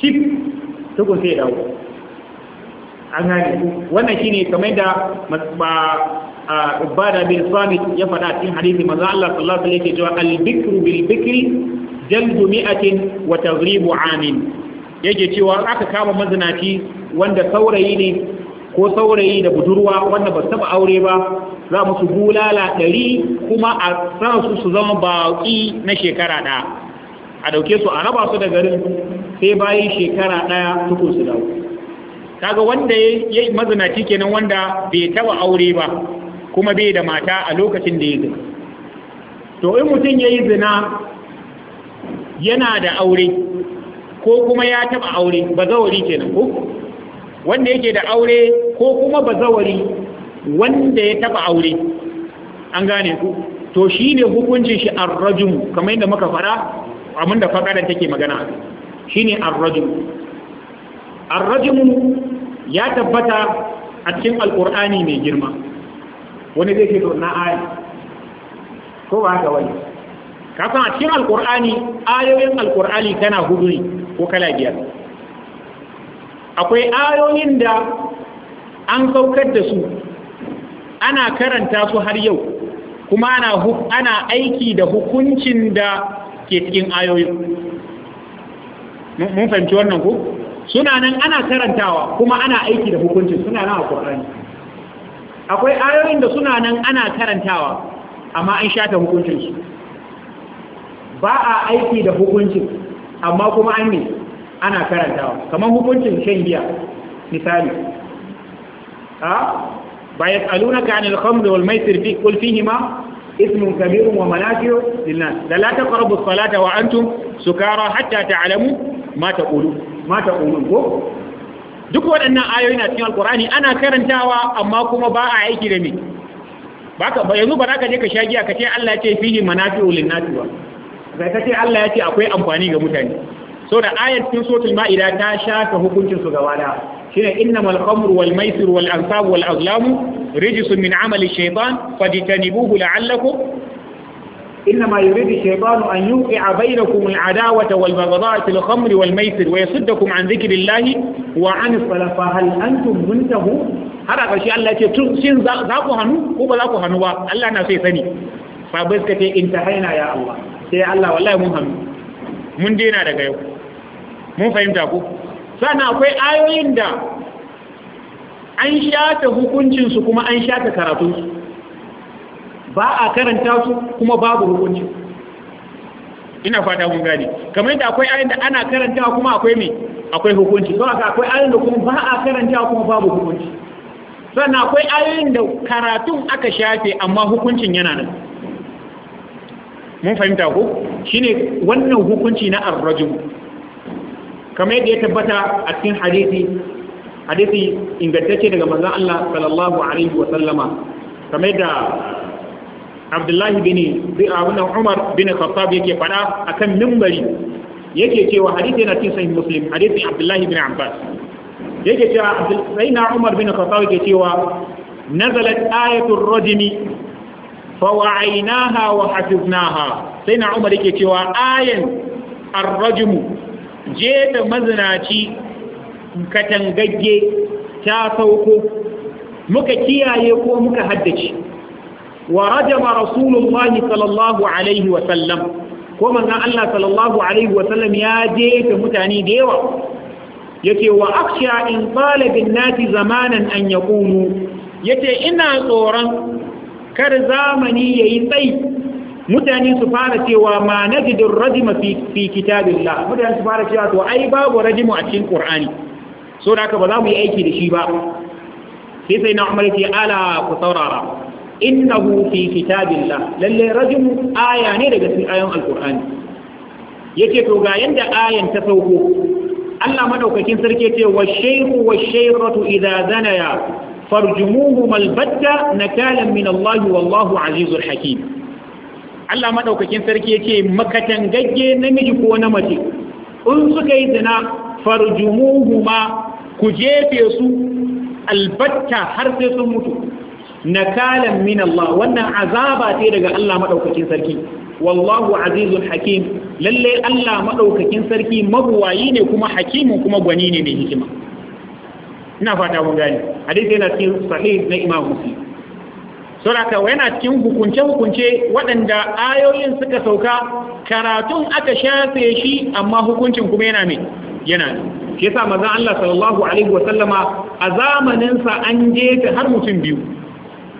chip tukun sai dawo an gane wannan shine kamar da Ubada bin Samit ya faɗa cikin hadisi manzo Allah sallallahu alaihi wasallam yake cewa al-bikru bil bikri jaldu mi'atin wa tagribu amin yake cewa an aka kama mazinaci wanda saurayi ne ko saurayi da budurwa wanda ba taba aure ba za mu su bulala ɗari kuma a sa su su zama baƙi na shekara ɗaya a ɗauke su a raba su da garin sai bayan shekara ɗaya tukun su dawo kaga wanda ya yi mazinaci kenan wanda bai taba aure ba kuma bai da mata a lokacin da ya zina to in mutum ya yi zina yana da aure ko kuma ya taba aure bazawari kenan ko wanda yake da aure ko kuma bazawari wanda ya taba aure an gane ku to shine hukuncin shi ar-rajum kamar yadda muka fara da fakaran take magana shine ar-rajum ar-rajum ya tabbata a cikin alkur'ani mai girma wani zai ce to na aya ko ba ga wani kasan a cikin alkur'ani ayoyin alkur'ani tana hudu ne ko kala biyar akwai ayoyin da an saukar da su ana karanta su har yau kuma ana ana aiki da hukuncin da ke cikin ayoyin mun fahimci wannan ko suna nan ana karantawa kuma ana aiki da hukuncin suna nan a Qur'ani akwai ayoyin da suna nan ana karantawa amma an shata hukuncin ba a aiki da hukuncin amma kuma an ne ana karantawa kamar hukuncin shan giya misali a ba ya tsaluna ka anil khamr wal maisir fi qul fihima ismun kabirun wa manafi'u lin-nas da la taqrabu as-salata wa antum sukara hatta ta'lamu ma taqulu ma taqulun ko duk waɗannan ayoyi na cikin alkurani ana karantawa amma kuma ba a aiki da me baka yanzu ba za ka je ka sha giya ka ce Allah ce fihi manafi'u lin da ce Allah ya ce akwai amfani ga mutane so da ayat cikin suratul ma'ida ta shafe hukuncin su gaba da shine innamal khamru wal maisir wal ansab wal azlam rijsun min amali shaytan fajtanibuhu la'allakum إنما يريد الشيطان أن يوقع بينكم العداوة والبغضاء sai Allah wallahi mun hannu mun dena daga yau mun fahimta ku sannan akwai ayoyin da an shata hukuncinsu kuma an shata karatunsu ba a karanta su kuma babu hukunci ina fata mun gane kamar yadda akwai ayoyin da ana karanta kuma akwai me akwai hukunci to haka akwai ayoyin da kuma ba a karanta kuma babu hukunci sannan akwai ayoyin da karatun aka shafe amma hukuncin yana nan mun fahimta ko shine wannan hukunci na ar-rajul kamar yadda ya tabbata a cikin hadisi hadisi ingantacce daga manzon Allah sallallahu alaihi wa sallama kamar da Abdullah bin Abdullah Umar bin Khattab yake fada akan minbari yake cewa hadisi na cikin sahih Muslim hadisi Abdullah bin Abbas yake cewa Sayyidina Umar bin Khattab yake cewa nazalat ayatul rajmi fawa'ainaha wa hafiznaha sai na umar yake cewa ayan arrajumu je da mazinaci katangagge ta sauko muka kiyaye ko muka haddace wa rajama rasulullahi sallallahu alaihi wa sallam ko manzon Allah sallallahu alaihi wa sallam ya je da mutane da yawa yake wa aksha in talibin nati zamanan an yaqulu yace ina tsoron kar zamani yayi tsayi mutane su fara cewa ma najidur rajma fi fi kitabillah mutane su fara cewa to ai babu rajimu a cikin Kur'ani. so da haka ba za mu yi aiki da shi ba sai sai na umar ce ala ku saurara innahu fi kitabillah lalle rajimu aya ne daga cikin ayoyin Ya yace to ga yanda ayan ta sauko Allah madaukakin sarki ce wa Shaihu wa shaykhatu idza zanaya farjumuhum albatta nakalan min Allah wallahu azizul hakim Allah madaukakin sarki yace makatan gagge namiji ko na mace in suka yi zina farjumuhu ma ku jefe su albatta har sai sun mutu nakalan min Allah wannan azaba ce daga Allah madaukakin sarki wallahu azizul hakim lalle Allah madaukakin sarki mabuwayi ne kuma hakimin kuma gwani ne mai hikima ina fata mun gani hadisi yana cikin sahih na imam muslim saboda yana cikin hukunce hukunce waɗanda ayoyin suka sauka karatun aka shafe shi amma hukuncin kuma yana me yana shi yasa manzon Allah sallallahu alaihi wasallama a zamanin sa an je ta har mutum biyu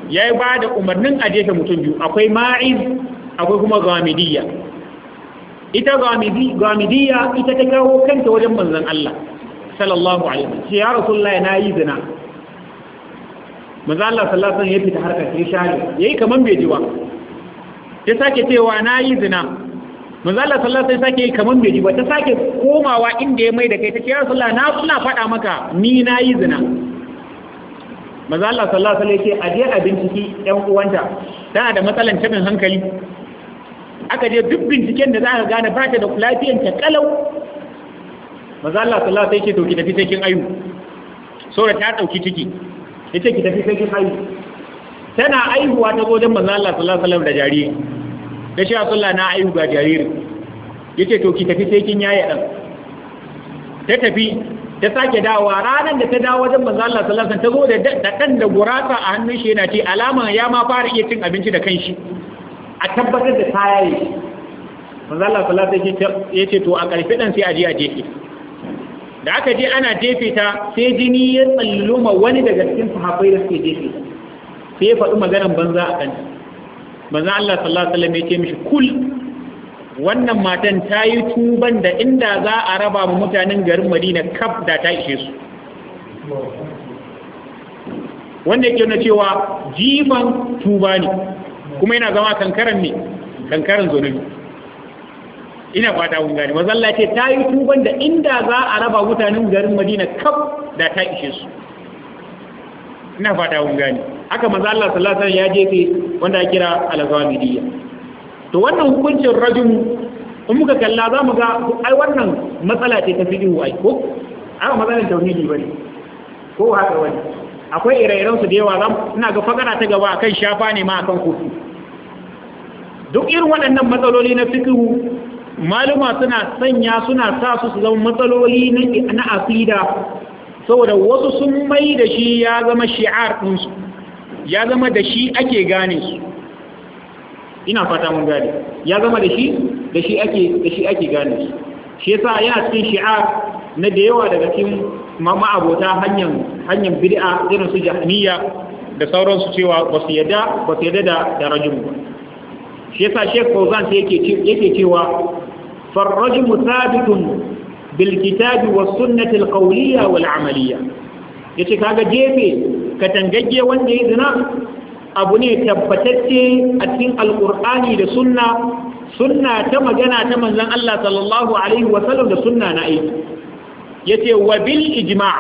yayi ba da umarnin a je ta mutum biyu akwai ma'iz akwai kuma gamidiyya ita ghamidi ita ta kawo kanta wajen manzon Allah sallallahu alaihi wasallam ya rasulullahi na yi zina manzo Allah sallallahu alaihi wasallam ya fita harkar sai shari yayi kaman bai ji ba ya sake cewa na yi zina manzo Allah sallallahu alaihi wasallam sake yi kaman bai ji ba ta sake komawa inda ya mai da kai ta ce ya rasulullahi na suna faɗa maka ni na yi zina manzo Allah sallallahu alaihi wasallam ya ce aje a binciki ɗan uwanta tana da matsalan tabin hankali aka je duk binciken da za ka gane ba ta da lafiyanta kalau maza Allah sallallahu alaihi wasallam to ki tafi sai kin ayu saboda ta dauki ciki yace ki tafi sai kin ayu tana aihuwa ta zo don maza Allah sallallahu alaihi wasallam da jariri da shi sallallahu na ayu ga jariri yace to ki tafi sai kin yaye dan ta tafi ta sake dawowa ranar da ta dawo wajen manzo Allah sallallahu alaihi wasallam ta zo da dan da gurasa a hannun shi yana ce alama ya ma fara iya cin abinci da kanshi a tabbatar da ta yaye manzo Allah sallallahu alaihi wasallam yace to a karfi dan sai a je a jefe da aka je ana jefe ta sai jini ya ma wani daga cikin sahabbai da suke jefe sai ya faɗi maganar banza a kan banza Allah sallallahu alaihi wasallam ya ce mishi kul wannan matan ta yi tuban da inda za a raba mu mutanen garin Madina kaf da ta ishe su wanda yake nuna cewa jifan tuba ne kuma yana zama kankaran ne kankaran zunubi ina fata kun gani manzo Allah ce ta yi tuban da inda za a raba mutanen garin Madina kaf da ta ishe su ina fata kun gani haka manzo Allah sallallahu alaihi wasallam ya jefe wanda kira al-zawamidiyya to wannan hukuncin rajul in muka kalla za mu ga ai wannan matsala ce ta fiɗihu ai ko ai matsalar tauhidi bane ko haka wani akwai ire-iren su da yawa zan ina ga fagara ta gaba akan shafa ne ma akan kofi duk irin waɗannan matsaloli na fikihu maluma suna sanya suna sa su su zama matsaloli na asida saboda wasu sun mai da shi ya zama shi'ar ɗinsu ya zama da shi ake gane su ina fata mun gane ya zama da shi da shi ake da shi ake gane su shi yasa yana cikin shi'ar na da yawa daga cikin ma'abota hanyar hanyar bid'a irin su jahmiya da sauransu cewa ba su yadda ba su yadda da da rajul ba shi yasa shek Fauzan sai yake yake cewa فالرجم ثابت بالكتاب wa القولية والعملية yace kaga jefe ka wanda ya zina abu ne tabbatacce a cikin alkur'ani da sunna sunna ta magana ta manzon Allah sallallahu alaihi wasallam da sunna na aiki yace wa bil ijma'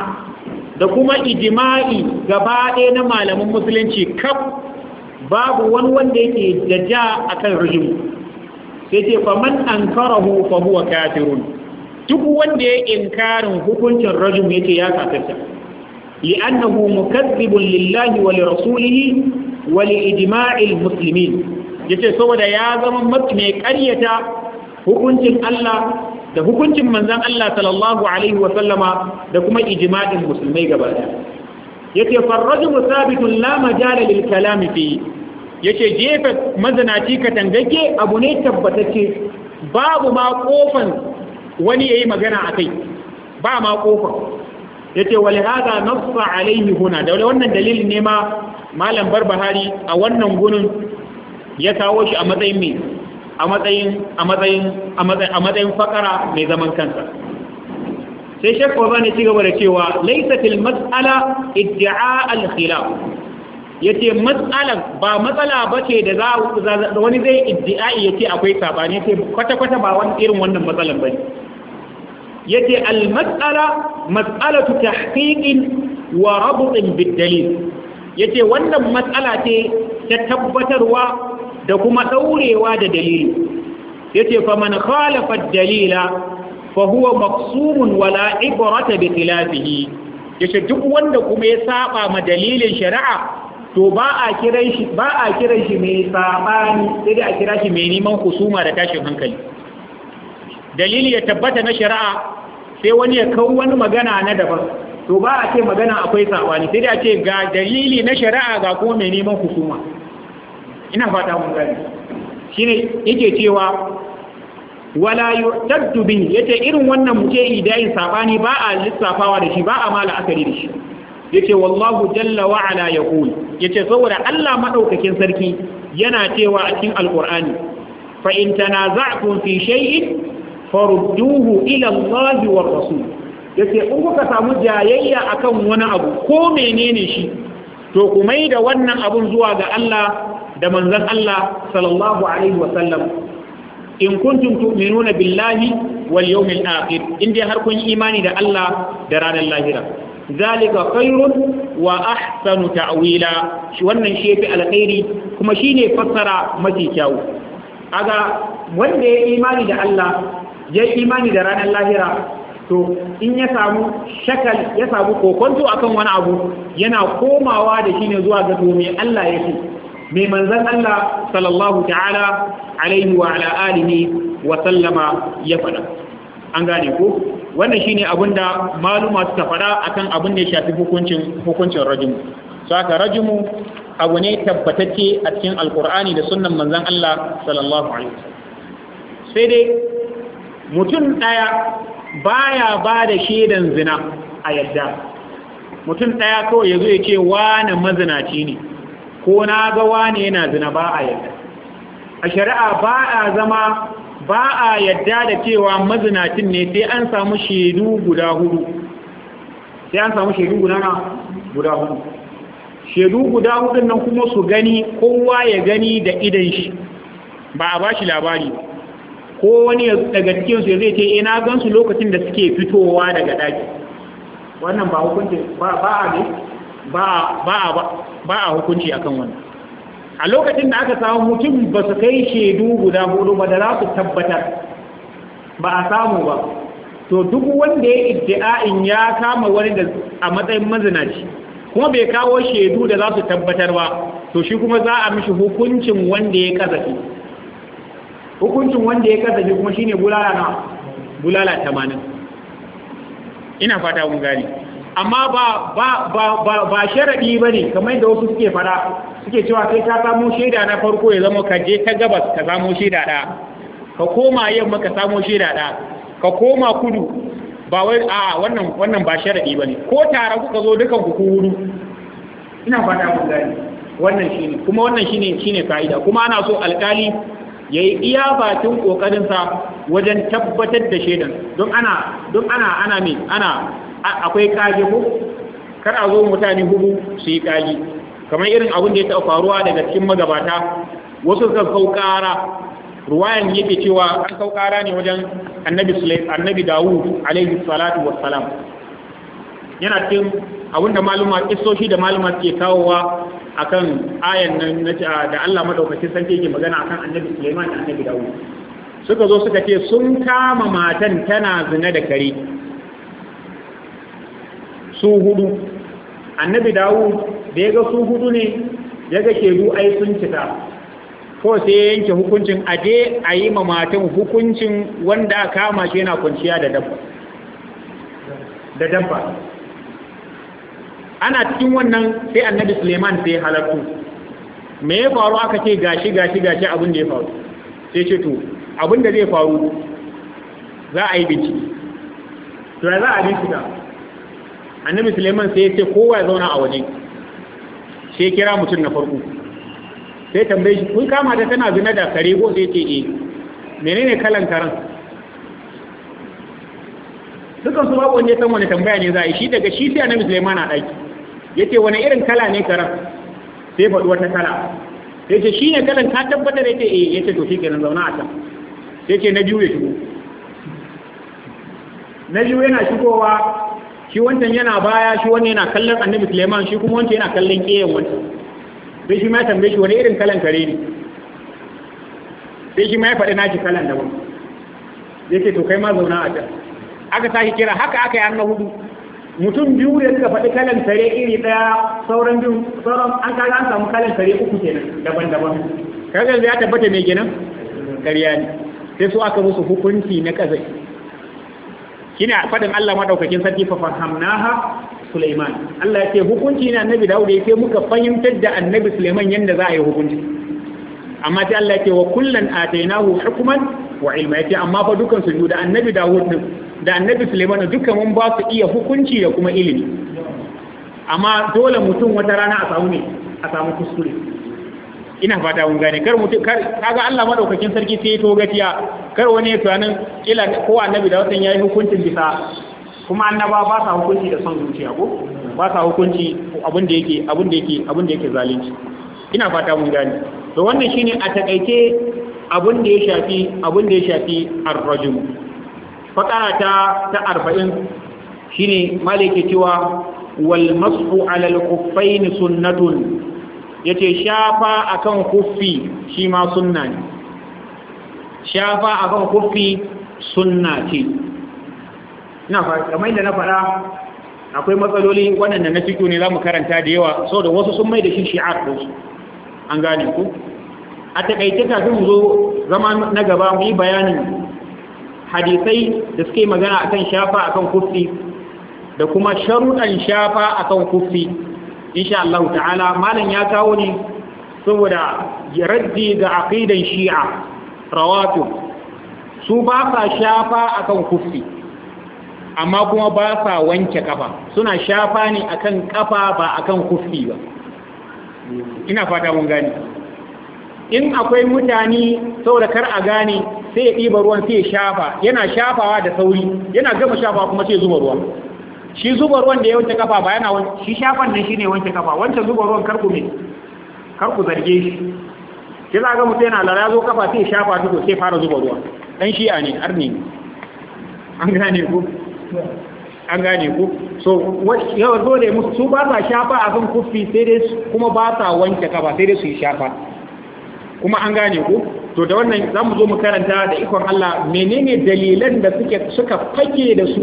da kuma Ijima'i, gaba ɗaya na malaman musulunci kaf babu wani wanda ya ke da ja akan rijimu sai ce faman ankarahu fa huwa kafirun duk wanda ya inkarin hukuncin rajum yace ya kafirta li'annahu mukaththibun lillahi wa rasulihi wa liijma'il muslimin yace saboda ya zama mai ƙaryata hukuncin Allah da hukuncin manzon Allah sallallahu alaihi wa sallama da kuma ijma'in musulmai gaba ɗaya yace farrajum thabitun la majala lil kalami fi yace jefa mazanaci katangake abu ne tabbatacce babu ma kofan wani yi magana akai ba ma kofan yace wal hada nassa alaihi huna da wannan dalilin ne ma malam barbahari a wannan gunin ya kawo shi a matsayin mai a matsayin a matsayin a matsayin fakara mai zaman kansa sai shekwa ba ci cigaba da cewa laisatil mas'ala idda'a al-khilaf yace matsalan ba matsala ce da za wani zai iddiai ce akwai sabani ce kwata kwata ba wani irin wannan matsalan bane yace al matsala mas'alatu tahqiqin wa rabtin biddalin yace wannan matsala ce ta tabbatarwa da kuma saurewa da dalili yace fa man khalafa dalila fa huwa maqsumun wa la ibrata bi khilafihi yace duk wanda kuma ya saba ma dalilin shari'a to ba a kiran shi ba a kiran shi mai sabani sai dai a kira shi mai neman husuma da tashin hankali dalili ya tabbata na shari'a sai wani ya kawo wani magana na daban to ba a ce magana akwai sabani sai dai a ce ga dalili na shari'a ga kuma mai neman husuma ina fata mun gani shine yake cewa wala yu'taddu bi yace irin wannan muke idayin sabani ba a lissafawa da shi ba a mala akari da shi yace wallahu jalla wa ala yaqul yace saboda Allah madaukakin sarki yana cewa a cikin alqur'ani fa in tanaza'tum fi shay'in farudduhu ila Allah wa rasul yace in kuka samu jayayya akan wani abu ko menene shi to ku mai da wannan abun zuwa ga Allah da manzon Allah sallallahu alaihi wa sallam in kuntum tu'minuna billahi wal yawmil akhir in dai har kun yi imani da Allah da ranar lahira zalika khairun wa ahsanu ta'wila wannan shi alkhairi kuma shine fassara mafi kyau aga wanda ya imani da Allah ya imani da ranar lahira to in ya samu shakal ya samu kokonto akan wani abu yana komawa da shi ne zuwa ga to me Allah yake mai manzon Allah sallallahu ta'ala alaihi wa ala alihi wa sallama ya fada an gane ko wannan ne abin da maluma suka a akan abin da ya shafi hukuncin rajimu so haka rajimu abu ne tabbatacce a cikin alkur'ani da sunan manzon Allah sallallahu alaihi sai dai mutum ɗaya baya ba da shaidan zina a yadda mutum ɗaya kawai zo ya ce wani mazinaci ne ko na ga wani yana zina ba a yadda a shari'a ba a zama ba a yadda da cewa mazinacin ne sai an samu shaidu guda hudu sai an samu shaidu guda guda hudu shaidu guda hudun nan kuma su gani kowa ya gani da idan shi ba a bashi labari ko wani daga cikin su zai ce ina eh, gan su lokacin da suke fitowa daga daki wannan ba hukunci ba ba a ne ba ba ba hukunci akan wannan a lokacin da aka samu mutum ba su kai shaidu guda hudu ba da za su tabbatar ba a samu ba to duk wanda ya iddia'in ya kama wani da a matsayin mazinaci kuma bai kawo shaidu da za su tabbatar ba to shi kuma za a mishi hukuncin wanda ya kazafi hukuncin wanda ya kazafi kuma shine bulala na bulala tamanin, ina fata mun gani amma ba ba ba ba, sharadi bane kamar da wasu suke fara suke cewa sai ka samo shaida na farko ya zama ka je ta gabas ka samo shaida ɗaya ka koma yamma ka samo shaida ɗaya ka koma kudu ba wai a wannan wannan ba sharadi bane ko tare kuka zo dukan ku hudu ina fata mun gani wannan shine kuma wannan shine shine fa'ida. kuma ana so alkali ya yi iya bakin ƙoƙarinsa wajen tabbatar da shaidan don ana don ana ana me, ana akwai kage ko kar a zo mutane hudu su yi kage kamar irin abin da ya taɓa faruwa daga cikin magabata wasu suka kau ƙara ruwayan ke cewa an kau ƙara ne wajen annabi annabi dawud alaihi salatu salam yana cikin abin da maluma isoshi da maluma ke kawowa akan ayan nan na ah, da Allah madaukakin san ke magana akan annabi Sulaiman da annabi dawu suka zo suka ce sun kama matan tana zina da kare su hudu annabi Dawud da ya ga su hudu ne ya ga a ai sun cika ko sai ya yanke hukuncin a je a yi ma matan hukuncin wanda a kama shi yana kwanciya da dabba da dabba ana cikin wannan sai annabi suleiman sai halartu me ya faru aka ce gashi gashi gashi abin da ya faru sai ce to abin da zai faru za a yi binci to za a bincika annabi suleiman sai ya ce kowa ya zauna a waje sai kira mutum na farko sai tambaye shi kun kama ta tana zina da kare ko sai ce eh menene kalan karan dukan su babu wanda ya san wani tambaya ne za a yi shi daga shi sai annabi Sulaiman a daki yace wani irin kala ne karan sai faɗi wata kala yace shi ne kalan ka tabbatar yace eh yace to shikenan zauna a can yace na biyu ya shigo na biyu yana shigowa shi wancan yana baya shi wannan yana kallon annabi Suleiman shi kuma wancan yana kallon keyan wancan sai shi ma ya tambaye shi wani irin kalan kare ne sai shi ma ya faɗi naci kalan daban ya ce to kai ma zauna a can aka sake kira haka aka yi annabi hudu mutum biyu da suka faɗi kalan kare iri ɗaya sauran biyu sauran an kaga an samu kalan kare uku kenan daban-daban kaga ya tabbata mai kenan kariya ne sai su aka musu hukunci na kazai shine fadin Allah madaukakin sarki fa fahamnaha Sulaiman Allah yake hukunci ne annabi Dawud yake muka fahimtar da annabi Sulaiman yanda za a yi hukunci amma sai Allah yake wa kullan atainahu hukman wa ilma yake amma fa dukan su da annabi Dawud din da annabi Sulaiman dukan mun ba su iya hukunci da kuma ilimi amma dole mutum wata rana a samu ne a samu kuskure ina fata mun gane kar mutum kar kaga Allah madaukakin sarki sai to gafiya kar wani ya tunanin kila ko annabi da watan yayi hukuncin bisa kuma annaba ba sa hukunci da son zuciya ko ba sa hukunci abin da yake abin da yake abin da yake zalunci ina fata mun gane to wannan shine a takaice abin da ya shafi abin da ya shafi ar-rajul fakara ta ta 40 shine malike cewa wal mas'u 'ala al-khuffayn sunnatun yace shafa akan kufi shi ma sunna ne shafa akan kuffi sunna ce ina fa kamar da na faɗa akwai matsaloli waɗanda na fito ne za mu karanta da yawa sau da wasu sun mai da shi shi'ar ɗinsu an gane ku a taƙaice kafin mu zo zama na gaba mu yi bayanin hadisai da suke magana akan shafa akan kufi da kuma sharuɗan shafa akan kufi insha Allah ta'ala malam ya kawo ni saboda raddi da aqidan shi'a rawatu su ba sa shafa akan kufi amma kuma ba sa wanke kafa suna shafa ne akan kafa ba akan kufi ba ina fata mun gani in akwai mutane saboda kar a gane sai ya ɗiba ruwan sai ya shafa yana shafawa da sauri yana gama shafa kuma sai zuba ruwan shi zuba ruwan da ya wanke kafa ba yana wani shi shafan nan ne wance kafa wancan zuba ruwan karku ne karku zarge shi shi za ga mutu yana lara zo kafa sai shafa duka sai fara zuba ruwa dan a ne ne, an gane ku an gane ku so yau zo da musu su ba sa shafa a kan kufi sai dai kuma ba sa wanke kafa sai dai su yi shafa kuma an gane ku to da wannan za mu zo mu karanta da ikon Allah menene dalilan da suke suka fage da su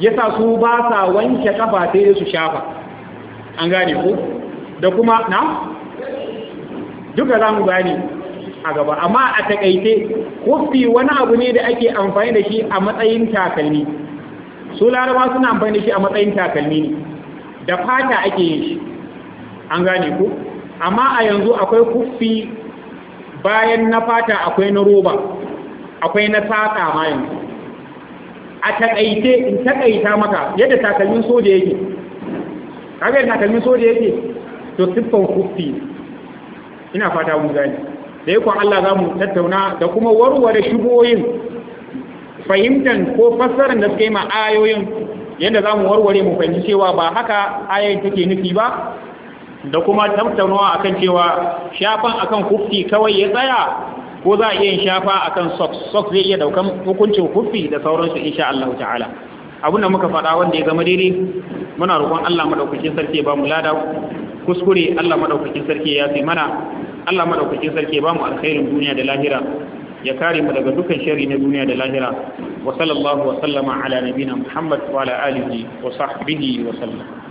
Ya sa su ba sa wanke kafa sai su shafa an gane ku. da kuma na duka za mu gane a gaba amma a takaice kofi wani abu ne da ake amfani da shi a matsayin takalmi su laraba suna amfani da shi a matsayin takalmi ne da fata ake yin shi an gane ku amma a yanzu akwai kofi bayan na fata akwai na roba akwai na saka ma yanzu a takaice in takaita maka yadda takalmin soja yake kaga yadda takalmin soja yake to siffan kufi ina fata mun gani da yakon Allah za mu tattauna da kuma warware shigoyin fahimtar ko fassarar da suka yi ma'ayoyin yadda za mu warware mu fahimci cewa ba haka ayoyin take nufi ba da kuma tattaunawa akan cewa shafan akan kufi kawai ya tsaya ko za a iya yin shafa akan socks socks zai iya daukan hukuncin kufi da sauransu insha Allah ta'ala abin da muka faɗa wanda ya zama daidai muna roƙon Allah madaukakin sarki ba mu lada kuskure Allah madaukakin sarki ya fi mana Allah madaukakin sarki ba mu alkhairin duniya da lahira ya kare mu daga dukkan sharri na duniya da lahira wa sallallahu wa sallama ala nabina Muhammad wa ala alihi wa sahbihi wa sallam